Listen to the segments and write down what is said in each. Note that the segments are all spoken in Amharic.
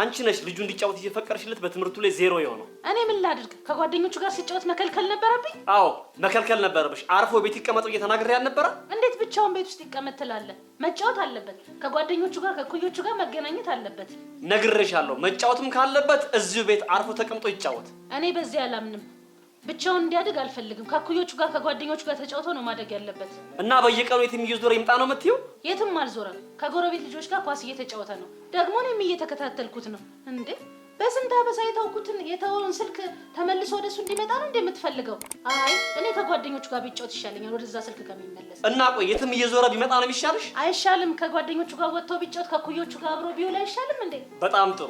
አንቺ ነሽ ልጁ እንዲጫወት እየፈቀርሽለት በትምህርቱ ላይ ዜሮ የሆነው። እኔ ምን ላድርግ? ከጓደኞቹ ጋር ሲጫወት መከልከል ነበረብኝ? አዎ መከልከል ነበረብሽ። አርፎ ቤት ይቀመጠው እየተናገር ያልነበረ? እንዴት ብቻውን ቤት ውስጥ ይቀመጥ ትላለህ? መጫወት አለበት። ከጓደኞቹ ጋር ከኩዮቹ ጋር መገናኘት አለበት። ነግሬሻለሁ። መጫወትም ካለበት እዚሁ ቤት አርፎ ተቀምጦ ይጫወት። እኔ በዚህ አላምንም። ብቻውን እንዲያድግ አልፈልግም። ከኩዮቹ ጋር ከጓደኞቹ ጋር ተጫውቶ ነው ማደግ ያለበት። እና በየቀኑ የትም እየዞረ ይምጣ ነው የምትይው? የትም አልዞረም። ከጎረቤት ልጆች ጋር ኳስ እየተጫወተ ነው። ደግሞ እኔም እየተከታተልኩት ነው። እንዴ በስንት አበሳ የተውኩትን የተወውን ስልክ ተመልሶ ወደሱ እንዲመጣ ነው እንደ የምትፈልገው? አይ እኔ ከጓደኞቹ ጋር ቢጫወት ይሻለኛል ወደዛ ስልክ ከሚመለስ። እና ቆይ የትም እየዞረ ቢመጣ ነው የሚሻልሽ? አይሻልም። ከጓደኞቹ ጋር ወጥቶ ቢጫወት ከኩዮቹ ጋር አብሮ ቢውል አይሻልም እንዴ? በጣም ጥሩ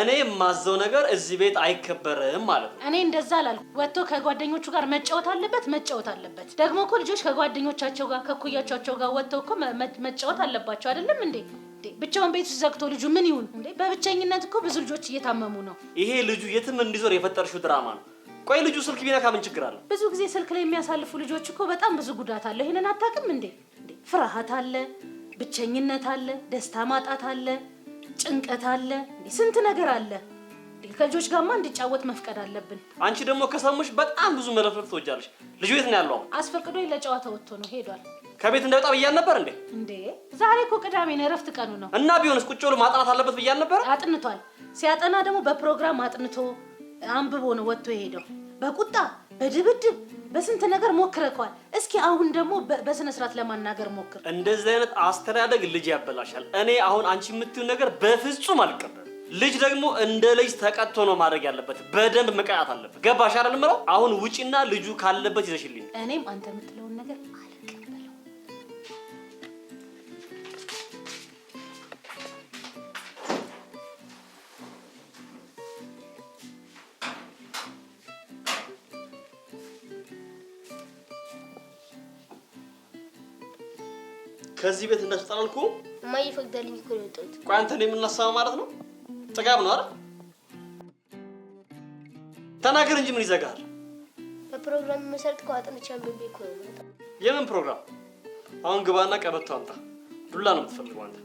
እኔ የማዘው ነገር እዚህ ቤት አይከበርም ማለት ነው። እኔ እንደዛ አላልኩም። ወጥቶ ከጓደኞቹ ጋር መጫወት አለበት መጫወት አለበት። ደግሞ እኮ ልጆች ከጓደኞቻቸው ጋር ከኩያቻቸው ጋር ወጥተው እኮ መጫወት አለባቸው አይደለም እንዴ? ብቻውን ቤት ዘግቶ ልጁ ምን ይሁን እንዴ? በብቸኝነት እኮ ብዙ ልጆች እየታመሙ ነው። ይሄ ልጁ የትም እንዲዞር የፈጠርሽው ድራማ ነው። ቆይ ልጁ ስልክ ቢነካ ምን ችግር አለው? ብዙ ጊዜ ስልክ ላይ የሚያሳልፉ ልጆች እኮ በጣም ብዙ ጉዳት አለው። ይሄንን አታውቅም እንዴ? ፍርሃት አለ፣ ብቸኝነት አለ፣ ደስታ ማጣት አለ ጭንቀት አለ፣ ስንት ነገር አለ። ከልጆች ጋርማ እንድጫወት መፍቀድ አለብን። አንቺ ደግሞ ከሰሙሽ በጣም ብዙ መለፍለፍ ትወጃለሽ። ልጁ የት ነው ያለው? አስፈቅዶ ለጨዋታ ወጥቶ ነው ሄዷል። ከቤት እንዳይወጣ ብያል ነበር እንዴ? እንዴ ዛሬ እኮ ቅዳሜ ነው፣ እረፍት ቀኑ ነው። እና ቢሆንስ ቁጭ ብሎ ማጥናት አለበት ብያል ነበር። አጥንቷል። ሲያጠና ደግሞ በፕሮግራም አጥንቶ አንብቦ ነው ወጥቶ የሄደው በቁጣ በድብድብ በስንት ነገር ሞክረከዋል። እስኪ አሁን ደግሞ በስነ ስርዓት ለማናገር ሞክር። እንደዚህ አይነት አስተዳደግ ልጅ ያበላሻል። እኔ አሁን አንቺ የምትይው ነገር በፍጹም አልቀበልም። ልጅ ደግሞ እንደ ልጅ ተቀጥቶ ነው ማድረግ ያለበት። በደንብ መቀጣት አለበት። ገባሽ አይደል? ምለው አሁን ውጪና ልጁ ካለበት ይዘሽልኝ። እኔም አንተ የምትለው ከዚህ ቤት እንዳትወጣ እኮ እማዬ ፈቅዳልኝ እኮ ነው የወጣሁት። ቆይ አንተ ነው የምናሳማ ማለት ነው? ጥጋብ ነው አይደል? ተናገር እንጂ ምን ይዘጋል? በፕሮግራም መሰረት እኮ አጥንቼ አንብቤ እኮ ነው የምወጣው። የምን ፕሮግራም? አሁን ግባና ቀበቶ አምጣ። ዱላ ነው የምትፈልገው አንተ።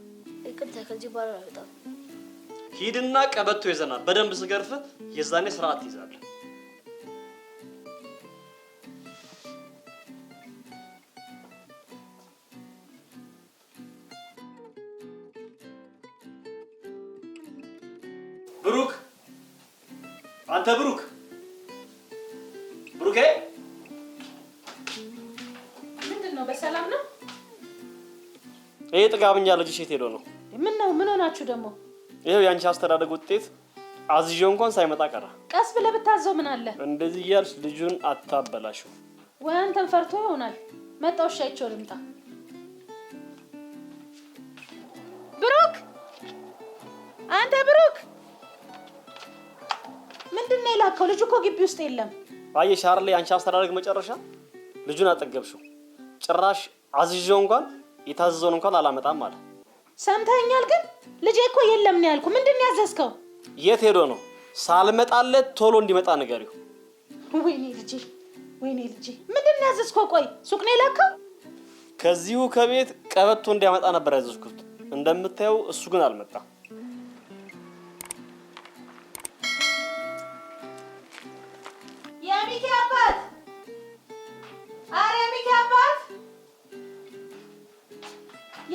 ይቅርታ፣ ከዚህ በኋላ አልወጣም። ሂድና ቀበቶ ይዘናል። በደንብ ስገርፍ የዛኔ ስርዓት ትይዛለህ። ብሩክ አንተ ብሩክ ብሩኬ፣ ምንድን ነው? በሰላም ነው? ይሄ ጥጋብኛ ልጅሽ የት ሄዶ ነው? ምን ነው? ምን ሆናችሁ ደግሞ? ይሄው የአንቺ አስተዳደግ ውጤት አዝዤው እንኳን ሳይመጣ ቀራ ቀስ ብለህ ብታዘው ምን አለ። እንደዚህ እያልሽ ልጁን አታበላሽው። ወይ አንተን ፈርቶ ይሆናል። መጣው። እሺ፣ ልምጣ። ብሩክ፣ አንተ ብሩክ ምንድን ነው የላከው? ልጁ እኮ ግቢ ውስጥ የለም። አየሽ አይደል? የአንቺ አስተዳደግ መጨረሻ ልጁን አጠገብሽው። ጭራሽ አዝዤው እንኳን የታዘዘውን እንኳን አላመጣም አለ። ሰምተኛል። ግን ልጄ እኮ የለም ነው ያልኩ። ምንድን ነው ያዘዝከው? የት ሄዶ ነው? ሳልመጣለት ቶሎ እንዲመጣ ንገሪው። ወይኔ ልጄ፣ ወይኔ ልጄ፣ ምንድን ነው ያዘዝከው? ቆይ ሱቅ ነው የላከው? ከዚሁ ከቤት ቀበቶ እንዲያመጣ ነበር ያዘዝኩት። እንደምታየው እሱ ግን አልመጣም። ሚኪ አባት፣ አባት፣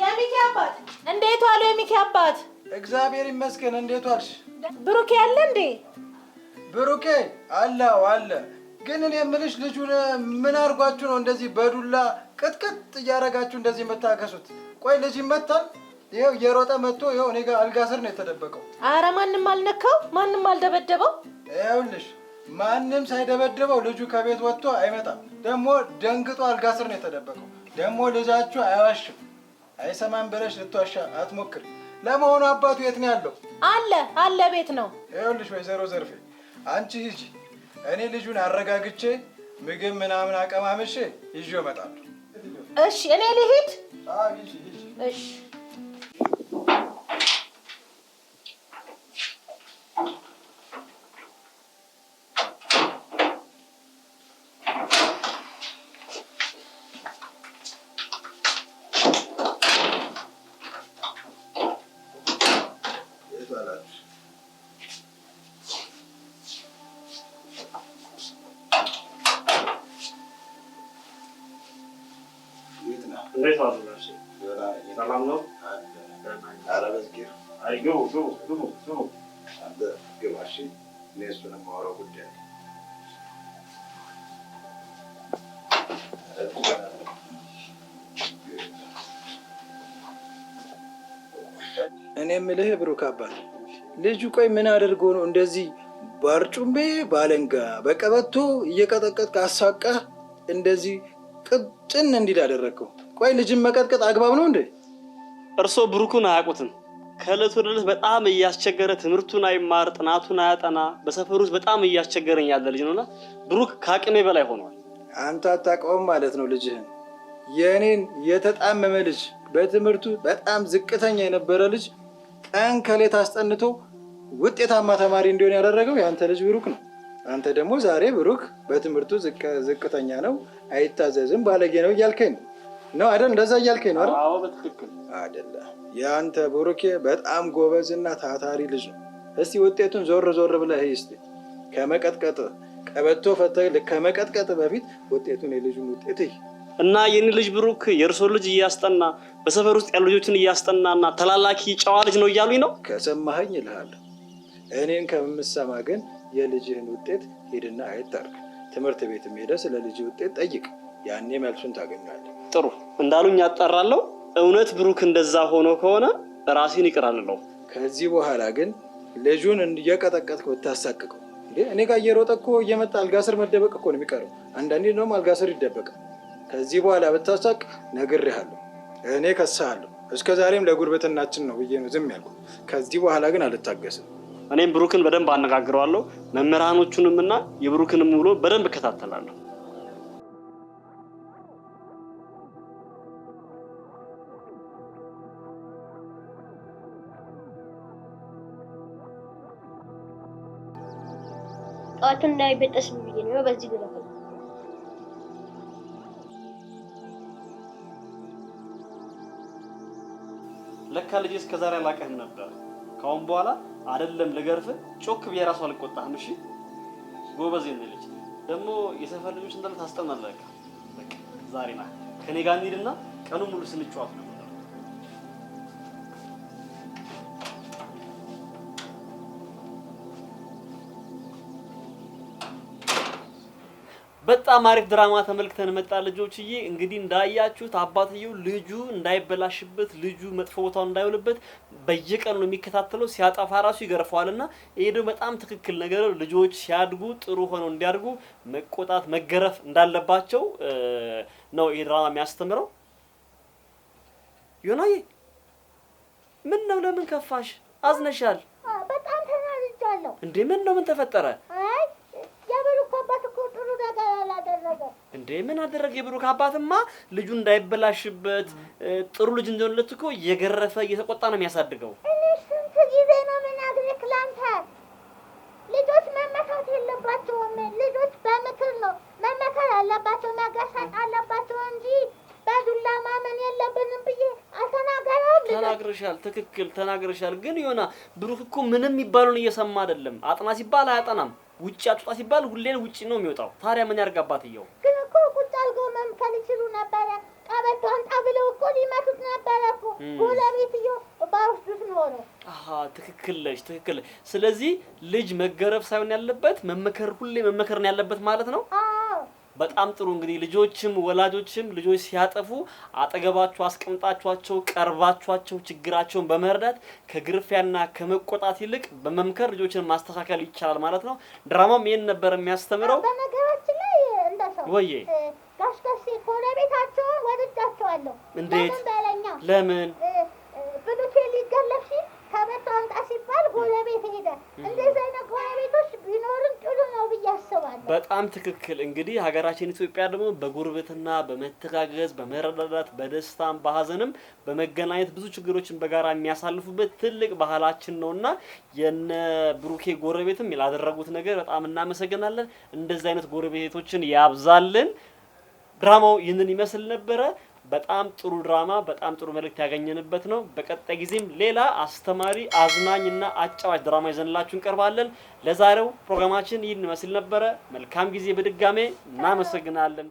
የሚኪ አባት እንዴት ዋሉ? የሚኪ አባት እግዚአብሔር ይመስገን። እንዴት ዋልሽ? ብሩኬ አለ እንዴ? ብሩኬ አለው አለ። ግን እኔ የምልሽ ልጁን ምን አድርጓችሁ ነው እንደዚህ በዱላ ቅጥቅጥ እያደረጋችሁ እንደዚህ የምታከሱት? ቆይ ልጅ ይመታል። ይኸው እየሮጠ መጥቶ ይኸው እኔ ጋር አልጋ ስር ነው የተደበቀው። አረ ማንም አልነካው፣ ማንም አልደበደበው። ይኸውልሽ ማንም ሳይደበድበው ልጁ ከቤት ወጥቶ አይመጣም። ደግሞ ደንግጦ አልጋ ስር ነው የተደበቀው። ደግሞ ልጃችሁ አይዋሽም፣ አይሰማም ብለሽ ልትዋሻ አትሞክር። ለመሆኑ አባቱ የት ነው ያለው? አለ አለ፣ ቤት ነው። ይኸውልሽ ወይዘሮ ዘርፌ አንቺ ሂጂ፣ እኔ ልጁን አረጋግቼ ምግብ ምናምን አቀማምሼ ይዤው እመጣለሁ። እሺ፣ እኔ ልሂድ። እሺ から ليش هذا الشيء؟ سلام له؟ عربي كيف؟ اي قوم قوم قوم قوم عند قوم عشي ليش انا ما اعرف እኔ የምልህ ብሩክ አባት ልጁ ቆይ ምን አድርጎ ነው እንደዚህ ባርጩሜ ባለንጋ በቀበቶ እየቀጠቀጥ አሳቃ እንደዚህ ቅጭን እንዲል አደረግከው? ቆይ ልጅን መቀጥቀጥ አግባብ ነው እንዴ? እርሶ ብሩኩን አያውቁትም። ከእለት ወደ እለት በጣም እያስቸገረ ትምህርቱን አይማር፣ ጥናቱን አያጠና፣ በሰፈር ውስጥ በጣም እያስቸገረኝ ያለ ልጅ ነውና ብሩክ ከአቅሜ በላይ ሆኗል። አንተ አታውቀውም ማለት ነው ልጅህን የእኔን የተጣመመ ልጅ በትምህርቱ በጣም ዝቅተኛ የነበረ ልጅ ቀን ከሌት አስጠንቶ ውጤታማ ተማሪ እንዲሆን ያደረገው የአንተ ልጅ ብሩክ ነው። አንተ ደግሞ ዛሬ ብሩክ በትምህርቱ ዝቅተኛ ነው፣ አይታዘዝም፣ ባለጌ ነው እያልከኝ ነው ነው አይደል? እንደዛ እያልከኝ ነው አይደለ? የአንተ ብሩኬ በጣም ጎበዝና ታታሪ ልጅ ነው። እስቲ ውጤቱን ዞር ዞር ብለህ እስቲ ከመቀጥቀጥ ቀበቶ ፈተ ከመቀጥቀጥ በፊት ውጤቱን የልጁን ውጤት እና የኔ ልጅ ብሩክ የእርሶ ልጅ እያስጠና በሰፈር ውስጥ ያሉ ልጆችን እያስጠናና ተላላኪ ጨዋ ልጅ ነው እያሉኝ ነው። ከሰማኸኝ ይልሃል። እኔን ከምሰማ ግን የልጅህን ውጤት ሄድና አይታርግ። ትምህርት ቤትም ሄደ ስለ ልጅ ውጤት ጠይቅ። ያኔ መልሱን ታገኛለ። ጥሩ እንዳሉኝ ያጣራለሁ። እውነት ብሩክ እንደዛ ሆኖ ከሆነ ራሴን ይቅራልለው። ከዚህ በኋላ ግን ልጁን እየቀጠቀጥክ ብታሳቅቀው። እኔ ጋር እየሮጠ እኮ እየመጣ አልጋ ስር መደበቅ እኮ ነው የሚቀረው። አንዳንዴ ደግሞ አልጋ ስር ይደበቃል። ከዚህ በኋላ ብታሳቅ ነግሬሃለሁ፣ እኔ ከሳለሁ እስከ ዛሬም ለጉርብትናችን ነው ብዬ ነው ዝም ያልኩት። ከዚህ በኋላ ግን አልታገስም። እኔም ብሩክን በደንብ አነጋግረዋለሁ። መምህራኖቹንም እና የብሩክንም ውሎ በደንብ እከታተላለሁ። ጠዋትና ቤጠስ ብዬ ነው በዚህ ለካ ልጅ እስከዛሬ አላቀህም ነበር። ካሁን በኋላ አይደለም ልገርፍ ጮክ ብዬ ራሱ አልቆጣህም። እሺ ጎበዝ የኔ ልጅ። ደግሞ የሰፈር ልጆች እንዳለ ታስጠናለህ። ዛሬ ና ከኔ ጋር እንሂድና ቀኑ ሙሉ ስንጫወት በጣም አሪፍ ድራማ ተመልክተን መጣ ልጆችዬ። እንግዲህ እንዳያችሁት አባትየው ልጁ እንዳይበላሽበት ልጁ መጥፎ ቦታው እንዳይውልበት በየቀኑ ነው የሚከታተለው። ሲያጠፋ ራሱ ይገርፈዋል ይሄ ደግሞ በጣም ትክክል ነገር ነው። ልጆች ሲያድጉ ጥሩ ሆነው እንዲያድጉ መቆጣት፣ መገረፍ እንዳለባቸው ነው ይሄ ድራማ የሚያስተምረው። ዮናዬ ምን ነው ለምን ከፋሽ? አዝነሻል? በጣም ተናድጃለሁ እንዴ! ምን ነው ምን ተፈጠረ? እንዴ ምን አደረገ? የብሩክ አባትማ ልጁ እንዳይበላሽበት ጥሩ ልጅ እንደሆነለት እኮ እየገረፈ እየተቆጣ ነው የሚያሳድገው። እኔ ስንት ጊዜ ነው ምን አድርግ ላንተ ልጆች መመካት የለባቸውም። ልጆች በምክር ነው መመከር አለባቸው፣ አለባቸው እንጂ በዱላ ማመን የለብንም ብዬ አልተናገረውም። ትክክል ተናግረሻል። ግን ዮና ብሩክ እኮ ምንም የሚባለውን እየሰማ አይደለም። አጥና ሲባል አያጠናም። ውጭ አትውጣ ሲባል ሁሌን ውጭ ነው የሚወጣው። ታዲያ ምን ያርጋባት? አባትየው? ግን እኮ ቁጭ አልጎ መምከል ይችሉ ነበረ። ቀበቷን ጣብለው እኮ ሊመቱት ነበረ እኮ ጎረቤትየው ባወስዱት ነው ሆነ። አሀ ትክክል ነሽ፣ ትክክል። ስለዚህ ልጅ መገረፍ ሳይሆን ያለበት መመከር፣ ሁሌ መመከር ነው ያለበት ማለት ነው። በጣም ጥሩ እንግዲህ ልጆችም ወላጆችም ልጆች ሲያጠፉ አጠገባቸው አስቀምጣቸው ቀርባቸው ችግራቸውን በመረዳት ከግርፊያና ከመቆጣት ይልቅ በመምከር ልጆችን ማስተካከል ይቻላል ማለት ነው። ድራማም ይህን ነበር የሚያስተምረው። በነገራችን ላይ እንደሰው ወዬ ጋሽጋሽ ከሆነ ቤታቸው ወድጃቸዋለሁ። እንዴት? ለምን? ብሉቴ ሊገለፍ ሲል በጣም ትክክል። እንግዲህ ሀገራችን ኢትዮጵያ ደግሞ በጉርብትና፣ በመተጋገዝ፣ በመረዳዳት፣ በደስታም በሀዘንም በመገናኘት ብዙ ችግሮችን በጋራ የሚያሳልፉበት ትልቅ ባህላችን እና የነ ብሩኬ ጎረቤትም ላደረጉት ነገር በጣም እናመሰግናለን። እንደዚህ አይነት ጎረቤቶችን ያብዛልን። ድራማው ይህንን ይመስል ነበረ። በጣም ጥሩ ድራማ፣ በጣም ጥሩ መልእክት ያገኘንበት ነው። በቀጣይ ጊዜም ሌላ አስተማሪ፣ እና አጫዋች ድራማ ይዘንላችሁ እንቀርባለን። ለዛሬው ፕሮግራማችን ይህን ይመስል ነበረ። መልካም ጊዜ። በድጋሜ እናመሰግናለን።